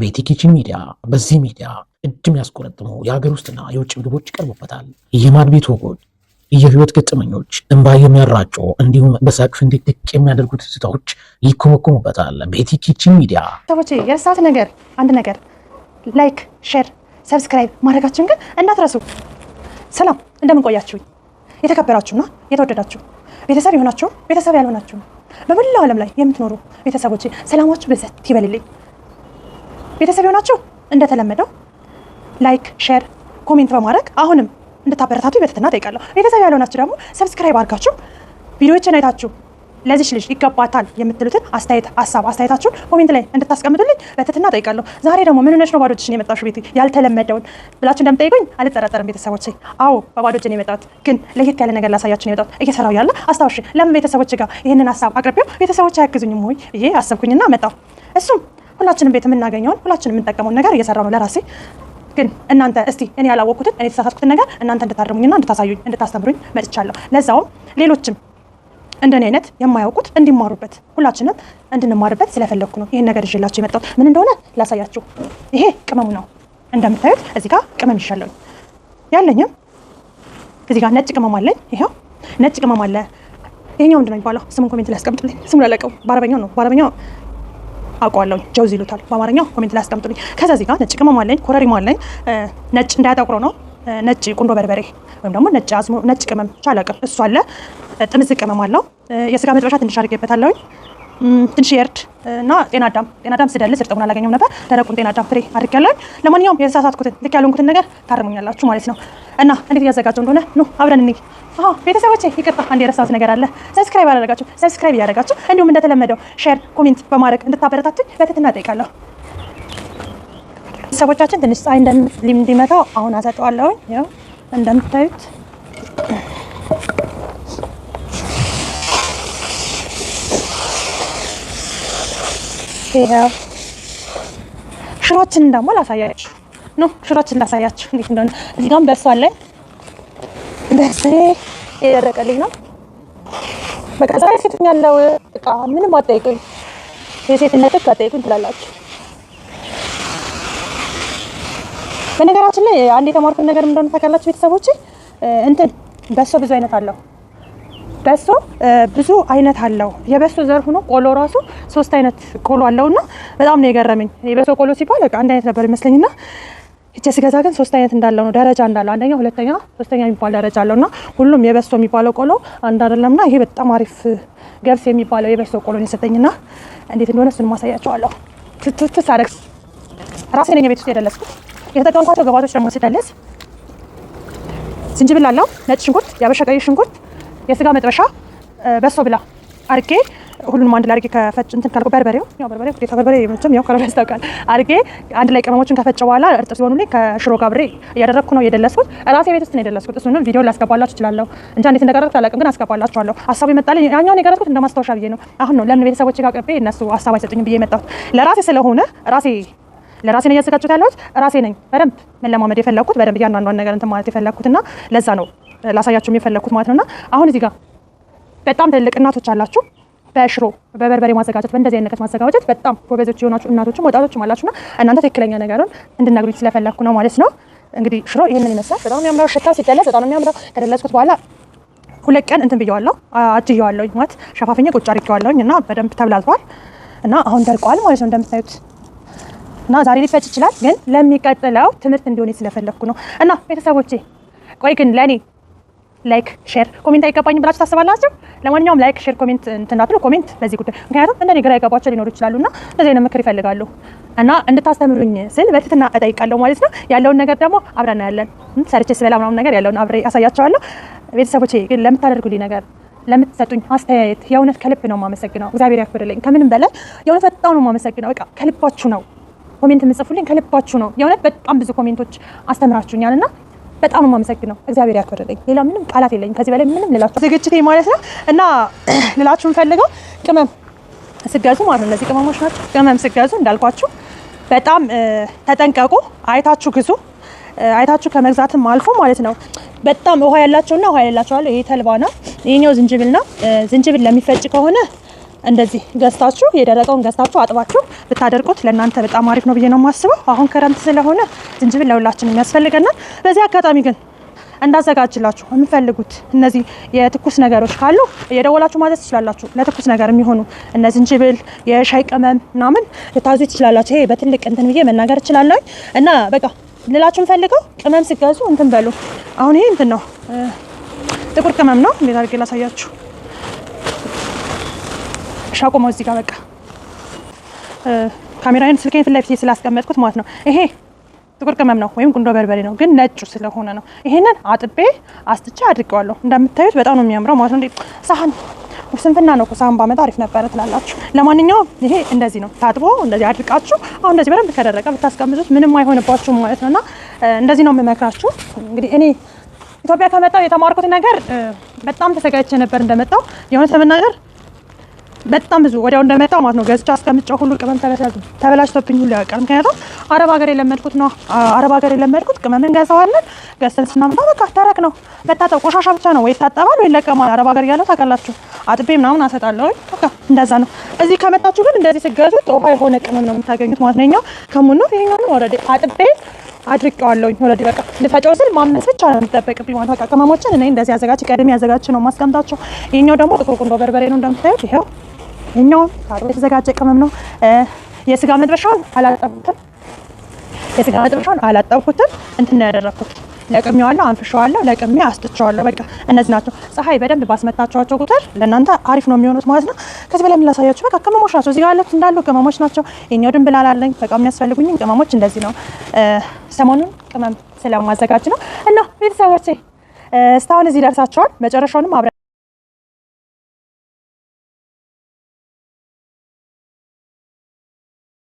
በኢቲኪችን ሚዲያ በዚህ ሚዲያ እጅ የሚያስቆረጥሙ የሀገር ውስጥና የውጭ ምግቦች ይቀርቡበታል። የማድቤት ወጎች፣ የህይወት ገጠመኞች፣ እንባ የሚያራጩ እንዲሁም በሳቅ ፍንድቅድቅ የሚያደርጉት ስታዎች ይኮመኮሙበታል። በኢቲኪችን ሚዲያ ሰዎች የእርሳት ነገር አንድ ነገር ላይክ፣ ሼር፣ ሰብስክራይብ ማድረጋችሁን ግን እንዳትረሱ። ሰላም እንደምንቆያችሁኝ የተከበራችሁና የተወደዳችሁ ቤተሰብ የሆናችሁ ቤተሰብ ያልሆናችሁ በመላው ዓለም ላይ የምትኖሩ ቤተሰቦች ሰላማችሁ በዘት ይበልልኝ። ቤተሰብ የሆናችሁ እንደተለመደው ላይክ፣ ሼር፣ ኮሜንት በማድረግ አሁንም እንድታበረታቱ በትህትና ጠይቃለሁ። ቤተሰብ ያልሆናችሁ ደግሞ ሰብስክራይብ አድርጋችሁ ቪዲዮዎችን አይታችሁ ለዚች ልጅ ይገባታል የምትሉትን አስተያየት፣ ሀሳብ አስተያየታችሁን ኮሜንት ላይ እንድታስቀምጡልኝ በትህትና ጠይቃለሁ። ዛሬ ደግሞ ምን ሆነሽ ነው ባዶ እጅሽን ቤት ያልተለመደውን ብላችሁ እንደምጠይቁኝ አልጠራጠርም ቤተሰቦች አዎ በባዶችን የመጣት ግን ለየት ያለ ነገር ላሳያችን የመጣሁት እየሰራው ያለ አስታውሽ ለምን ቤተሰቦች ጋር ይህንን ሀሳብ አቅርቢው ቤተሰቦች አያግዙኝም ወይ ይሄ አሰብኩኝና መጣሁ እሱም ሁላችንም ቤት የምናገኘውን ሁላችንም የምንጠቀመውን ነገር እየሰራ ነው ለራሴ ግን እናንተ እስቲ እኔ ያላወቅኩትን እኔ የተሳሳትኩትን ነገር እናንተ እንድታርሙኝና እንድታሳዩኝ እንድታስተምሩኝ መጥቻለሁ። ለዛውም ሌሎችም እንደኔ አይነት የማያውቁት እንዲማሩበት ሁላችንም እንድንማርበት ስለፈለግኩ ነው ይህን ነገር ይዤላችሁ የመጣሁት። ምን እንደሆነ ላሳያችሁ። ይሄ ቅመሙ ነው እንደምታዩት። እዚህ ጋ ቅመም ይሻለሁ ያለኝም እዚህ ጋ ነጭ ቅመም አለኝ። ይኸው ነጭ ቅመም አለ። ይሄኛው ምንድን ነው የሚባለው? ስሙን ኮሜንት ላይ ያስቀምጡልኝ። ስሙን አላውቀውም። በአረበኛው ነው በአረበኛው አውቀዋለሁ። ጀውዝ ይሉታል በአማርኛው። ኮሜንት ላይ አስቀምጡልኝ። ከዛ እዚህ ጋር ነጭ ቅመም አለኝ፣ ኮረሪማ አለኝ። ነጭ እንዳያጠቁረው ነው ነጭ ቁንዶ በርበሬ ወይም ደግሞ ነጭ አዝሙ ነጭ ቅመም ቻላቅም እሱ አለ። ጥምዝ ቅመም አለው። የስጋ መጥበሻ ትንሽ አድርጌበታለሁኝ። ትንሽ የእርድ እና ጤና አዳም ጤና አዳም ስደልስ እርጥቡን አላገኘውም ነበር። ደረቁን ጤና አዳም ፍሬ አድርጌያለሁኝ። ለማንኛውም የተሳሳትኩትን ልክ ያልሆንኩትን ነገር ታርሙኛላችሁ ማለት ነው። እና እንዴት እያዘጋጀው እንደሆነ ኑ አብረን እንይ። አዎ ቤተሰቦቼ፣ ይቅርታ አንድ የረሳሁት ነገር አለ። ሰብስክራይብ አላደረጋችሁ ሰብስክራይብ እያደረጋችሁ እንዲሁም እንደተለመደው ሼር፣ ኮሜንት በማድረግ እንድታበረታቱኝ በትህትና እጠይቃለሁ። ቤተሰቦቻችን ትንሽ ፀሐይ እንዲመታው አሁን አሰጠዋለሁኝ። ያው እንደምታዩት ሽሮችን ደግሞ ላሳያ ኖ ሽሮችን ላሳያችሁ እንዴት እንደሆነ። እዚህ ጋርም በሷል ላይ በስ የደረቀልኝ ነው። በቃ ዛሬ ሴትኛ ያለው እቃ ምንም አጠይቁኝ፣ የሴትነት እቃ አጠይቁኝ ትላላችሁ። በነገራችን ላይ አንድ የተማርኩት ነገር እንደሆነ ታውቃላችሁ ቤተሰቦች፣ እንትን በሶ ብዙ አይነት አለው። በሶ ብዙ አይነት አለው። የበሶ ዘር ሆኖ ቆሎ ራሱ ሶስት አይነት ቆሎ አለውና በጣም ነው የገረመኝ። የበሶ ቆሎ ሲባል አንድ አይነት ነበር ይመስለኝና እቺ ስገዛ ግን ሶስት አይነት እንዳለው ነው ደረጃ እንዳለው አንደኛ፣ ሁለተኛ፣ ሶስተኛ የሚባል ደረጃ እና ሁሉም የበሶ የሚባለው ቆሎ አንድ አይደለምና ይሄ በጣም አሪፍ ገብስ የሚባለው የበሶ ቆሎ ነው የሰጠኝና እንዴት እንደሆነ እሱን ማሳያቸዋለሁ። ትትት ሳደርግ ራሴ ነኝ ቤት ውስጥ የደለስኩት። የተጠቀምኳቸው ግባቶች ደግሞ ሲደለስ ዝንጅብል አለው፣ ነጭ ሽንኩርት፣ ያበሻ ቀይ ሽንኩርት፣ የስጋ መጥበሻ፣ በሶ ብላ አርጌ ሁሉንም አንድ ላይ አድርጌ ከፈጭ እንትን ካልኩ በርበሬው ያው በርበሬው ግዴታ በርበሬ መቼም ያው ከለሩ ያስታውቃል። አድርጌ አንድ ላይ ቅመሞችን ከፈጨ በኋላ እርጥብ ሲሆኑልኝ ከሽሮ ጋብሬ አብሬ እያደረግኩ ነው የደለስኩት። ራሴ ቤት ውስጥ ነው የደለስኩት። እሱንም ቪዲዮ ላስገባላችሁ እችላለሁ እንጂ እንዴት እንደቀረጥኩት አላውቅም፣ ግን አስገባላችኋለሁ። ሀሳቡ ይመጣልኝ። ያኛውን የቀረጥኩት እንደ ማስታወሻ ብዬ ነው። አሁን ነው ለምን ቤተሰቦች ጋር ቀርቤ እነሱ ሀሳብ አይሰጡኝም ብዬ የመጣሁት ለራሴ ስለሆነ ራሴ ለራሴ ነው እያዘጋጀሁት ያለሁት። ራሴ ነኝ በደንብ መለማመድ የፈለግኩት በደንብ እያንዳንዷን ነገር እንትን ማለት የፈለግኩትና ለዛ ነው ላሳያችሁ የፈለግኩት ማለት ነውና አሁን እዚህ ጋር በጣም ትልቅ እናቶች አላችሁ በሽሮ በበርበሬ ማዘጋጀት በእንደዚህ አይነት ማዘጋጀት በጣም ጎበዞች የሆናችሁ እናቶችም ወጣቶችም አላችሁና እናንተ ትክክለኛ ነገሩን እንድነግሩኝ ስለፈለግኩ ነው ማለት ነው። እንግዲህ ሽሮ ይህንን ይመስላል። በጣም የሚያምረው ሽታ ሲደለስ በጣም የሚያምረው ከደለስኩት በኋላ ሁለት ቀን እንትን ብየዋለሁ አጅየዋለሁ ማለት ሸፋፍኜ ቁጭ አድርጌዋለሁኝ እና በደንብ ተብላልቷል እና አሁን ደርቀዋል ማለት ነው እንደምታዩት እና ዛሬ ሊፈጭ ይችላል፣ ግን ለሚቀጥለው ትምህርት እንዲሆን ስለፈለግኩ ነው እና ቤተሰቦቼ ቆይ ግን ለእኔ ላይክ ሼር ኮሜንት አይገባኝም ብላችሁ ታስባላችሁ። ለማንኛውም ላይክ ሼር ኮሜንት እንትናትሉ ኮሜንት በዚህ ጉዳይ ምክንያቱም እንደኔ ግራ ይገባቸው ሊኖሩ ይችላሉና እንደዚህ አይነት ምክር ይፈልጋሉ እና እንድታስተምሩኝ ስል በትትና እጠይቃለሁ ማለት ነው። ያለውን ነገር ደግሞ አብረን ያለን ሰርቼ ስበላ ምናምን ነገር ያለውን አብሬ አሳያቸዋለሁ። ቤተሰቦቼ ግን ለምታደርጉልኝ ነገር ለምትሰጡኝ አስተያየት የእውነት ከልብ ነው የማመሰግነው። እግዚአብሔር ያክብርልኝ። ከምንም በላይ የእውነት በጣም ነው የማመሰግነው። በቃ ከልባችሁ ነው ኮሜንት የምጽፉልኝ ከልባችሁ ነው። የእውነት በጣም ብዙ ኮሜንቶች አስተምራችሁኛል እና በጣም የማመሰግነው እግዚአብሔር ያክብርልኝ። ሌላ ምንም ቃላት የለኝም ከዚህ በላይ ምንም ልላችሁ ዝግጅቴ ማለት ነው እና ልላችሁ ፈልገው ቅመም ስገዙ ማለት ነው እነዚህ ቅመሞች ናቸው። ቅመም ስገዙ እንዳልኳችሁ በጣም ተጠንቀቁ። አይታችሁ ግዙ። አይታችሁ ከመግዛትም አልፎ ማለት ነው በጣም ውሃ ያላቸውና ውሃ የሌላቸው አለ። ይሄ ተልባ ነው፣ ይሄኛው ዝንጅብል ነው። ዝንጅብል ለሚፈጭ ከሆነ እንደዚህ ገዝታችሁ የደረቀውን ገዝታችሁ አጥባችሁ ብታደርቁት ለእናንተ በጣም አሪፍ ነው ብዬ ነው የማስበው። አሁን ክረምት ስለሆነ ዝንጅብል ለሁላችን የሚያስፈልገናል። በዚህ አጋጣሚ ግን እንዳዘጋጅላችሁ የምፈልጉት እነዚህ የትኩስ ነገሮች ካሉ እየደወላችሁ ማዘዝ ትችላላችሁ። ለትኩስ ነገር የሚሆኑ እነ ዝንጅብል፣ የሻይ ቅመም ምናምን ልታዙ ትችላላችሁ። ይሄ በትልቅ እንትን ብዬ መናገር እችላለሁ እና በቃ ልላችሁ የምፈልገው ቅመም ሲገዙ እንትን በሉ። አሁን ይሄ እንትን ነው ጥቁር ቅመም ነው። እንዴት አድርጌ ላሳያችሁ እባክሽ አቁመው እዚህ ጋር በቃ ካሜራዬን ስልኬን ፊት ለፊት ስላስቀመጥኩት ማለት ነው። ይሄ ጥቁር ቅመም ነው ወይም ጉንዶ በርበሬ ነው፣ ግን ነጩ ስለሆነ ነው። ይሄንን አጥቤ አስጥቼ አድርጌዋለሁ። እንደምታዩት በጣም ነው የሚያምረው ማለት ነው። ሳህን ስንፍና ነው እኮ ሳህን ባመጣ አሪፍ ነበረ ትላላችሁ። ለማንኛውም ይሄ እንደዚህ ነው ታጥቦ እንደዚህ አድርቃችሁ አሁን እንደዚህ በደንብ ከደረቀ ብታስቀምጡት ምንም አይሆንባችሁ ማለት ነው። እና እንደዚህ ነው የምመክራችሁ እንግዲህ እኔ ኢትዮጵያ ከመጣሁ የተማርኩት ነገር በጣም ተዘጋጅቼ ነበር እንደመጣሁ የሆነ ለመናገር በጣም ብዙ ወዲያው እንደመጣው ማለት ነው ገዝቻ እስከምጫው ሁሉ ቅመም ተበላሽቶብኝ ሁሉ ያውቃል። ምክንያቱም አረብ ሀገር የለመድኩት ነው። አረብ ሀገር የለመድኩት ቅመም እንገዛዋለን፣ ገዝተን ስናምጣ በቃ ተረክ ነው። በታጠብ ቆሻሻ ብቻ ነው ወይ ይታጠባል ወይ ይለቀማል። አረብ ሀገር ያለው ታውቃላችሁ፣ አጥቤ ምናምን አሰጣለሁ። በቃ እንደዛ ነው። እዚህ ከመጣችሁ ግን እንደዚህ ስገዙት ጦፋ የሆነ ቅመም ነው የምታገኙት ማለት ነው። ይኸኛው ከሙን ነው። ይሄኛው ነው ወረዴ አጥቤ አድርቀዋለሁኝ ኦልሬዲ በቃ ልፈጨው ስል ማምነስ ብቻ ነው የሚጠበቅብኝ ማለት በቃ ቅመሞችን እኔ እንደዚህ ያዘጋጅ ቀድሜ ያዘጋጅ ነው ማስቀምጣቸው። ይሄኛው ደግሞ ጥቁር ቁንዶ በርበሬ ነው እንደምታዩት ይኸው እኛው የተዘጋጀ ቅመም ነው። የስጋ መጥበሻውን አላጠብኩትም። የስጋ መጥበሻውን አላጠብኩትም። እንትን ያደረኩት ለቅሜዋለሁ፣ አንፍሸዋለሁ፣ ለቅሜ አስጥቸዋለሁ። በቃ እነዚህ ናቸው። ፀሐይ በደንብ ባስመታቸዋቸው ቁጥር ለእናንተ አሪፍ ነው የሚሆኑት ማለት ነው። ከዚህ በላይ የምላሳያቸው በቃ ቅመሞች ናቸው። እዚህ ያሉት እንዳሉ ቅመሞች ናቸው። የኛው ድንብላል አለኝ። በቃ የሚያስፈልጉኝ ቅመሞች እንደዚህ ነው። ሰሞኑን ቅመም ስለማዘጋጅ ነው እና ቤተሰቦቼ እስካሁን እዚህ ደርሳቸዋል። መጨረሻውንም አብረ